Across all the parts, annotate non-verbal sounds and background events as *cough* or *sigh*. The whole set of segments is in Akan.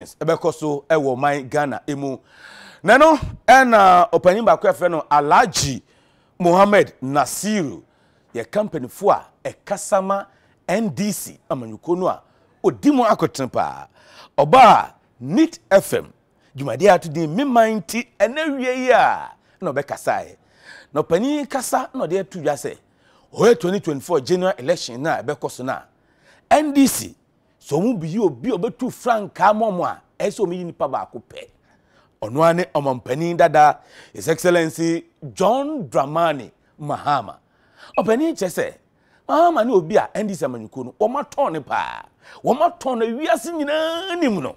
ɛbɛkɔ so ɛwɔ ɔman ghana mu nano ɛna ɔpanyin baako ɛfɛ no alaji mohammed nasiru yɛ kampanifo a ɛkasa ma ndc amanyɔkuo no a odi mu akɔtena paa ɔbaa nit fm dwumadeɛ ato din miman ti ɛna wie yi a na ɔbɛkasa yɛ na ɔpanyin kasa na ɔde ato dwa sɛ ɔyɛ 2024 general election na ɛbɛkɔ so na ndc sɛ ɔmo biyi obi ɔbɛtu frankaa mɔ mo a ɛyɛ sɛ ɔmo yi nipa baako pɛ ɔno ne ɔmampanin dada his excellence john dramani mahama ɔpanin kyerɛ sɛ mahama ne obi a ndc amanyɔkuo no wɔn atɔn ne paa wɔn atɔn no ewiase nyinaa nim no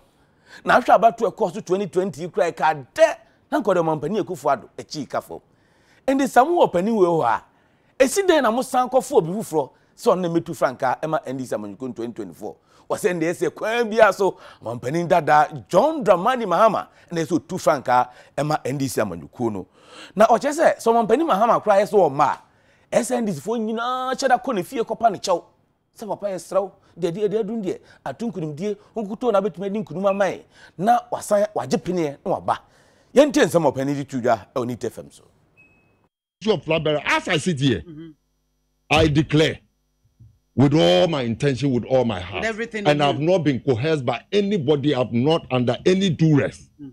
n'ahwɛ abato ɛkɔ so twenty twenty kura ɛka dɛ nankɔ dɛ ɔmampanin akufo ado akyi ka fam ndc amu wɔ panin wɔ hɔ esi dɛn na mo san kɔfo obi foforɔ sɛ ɔno na mɛtu frankaa ɛma ndc amanyɔkuo 2024 wɔsɛ ndeɛ sɛ kwan biara so mampanin dada john dramani mahama na ɛsɛ ɔtu frankaa ɛma ndc amanyɔkuo no na ɔkyerɛ sɛ sɛ ɔmampanin mahama koraa ɛsɛ ɔma a ɛsɛ ndc foɔ nyinaa kyɛ da kɔ ne fie kɔpa ne kyɛw sɛ papa yɛ serɛw deɛ deɛ deɛ dun deɛ ato nkunimdie nkuto na abɛtumi adi nkunim ama yɛ na wasan wagye peneɛ na waba yɛntie nsɛm ɔpanin di tu dwa ɛwɔ ne tfm so. as i sit here mm -hmm. i declare with all my intention, with all my heart. Everything and I've not been coerced by anybody. I've not under any duress. Mm.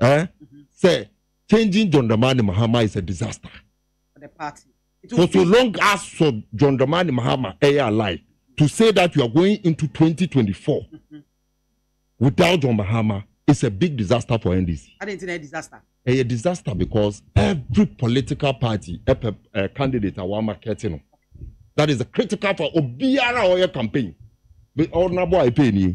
Eh? Mm-hmm. Say, changing John Dramani Mahama is a disaster. For the party. For so long as so John Dramani Mahama is eh, alive, mm-hmm. to say that you are going into 2024 mm-hmm. without John Mahama is a big disaster for NDC. I didn't know a disaster. Eh, a disaster because every political party, a, a, a candidate, a marketing. You know, that is critical for obiara ɔyɛ campaign ɔnabɔ a ɛpɛ nie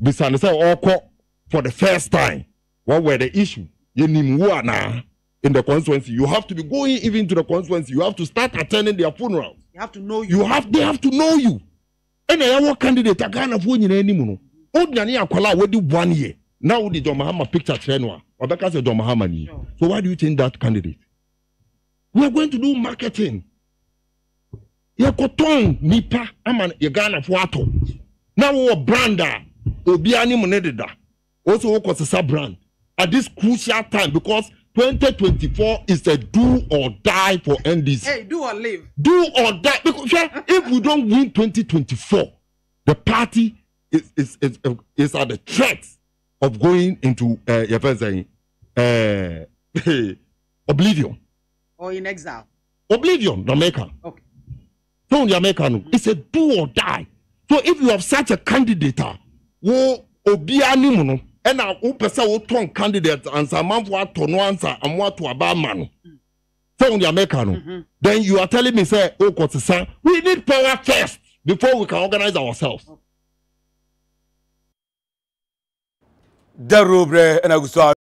bisane sɛ ɔkɔ for the first time what were the issue yɛnim wo anaa in the constituency you have to be going even to the constituency you have to start attending their funerals you have to know you, you have they have to know you ɛna yɛwɔ candidate a ghanafoɔ nyinaa anim no wodwane akwala a wɔdi one year na wode john mahama picture kyerɛ no a ɔbɛka sɛ john mahama ni so why do you think that candidate we are going to do marketing yɛkɔtɔn nipa ama yɛ ghanafoɔ atɔ na wɔwɔ brand a obiara ne mu ne deda wɔso wɔkɔ sisa brand at this crucial time because 2024 is a do or die for ndc. Hey, do or live. do or die because if we don win 2024 the party is is is is at the threat of going into uh, eh, yɛ fɛn sɛn uh, *laughs* oblivion. or in exile. oblivion na mɛka. okay ọhún ní amẹ́ka it's a do or die so if you have such a candidate a ah, wo obiara ni and no ɛna wopɛ sɛ wotɔn candidate ansa amanfo atɔ no ansa amu ato aba ama no sɛ ɔhún ní amẹ́ka no mm-hmm. then you are telling me say o kɔ sisan we need power first before we can organize ourselves. Okay.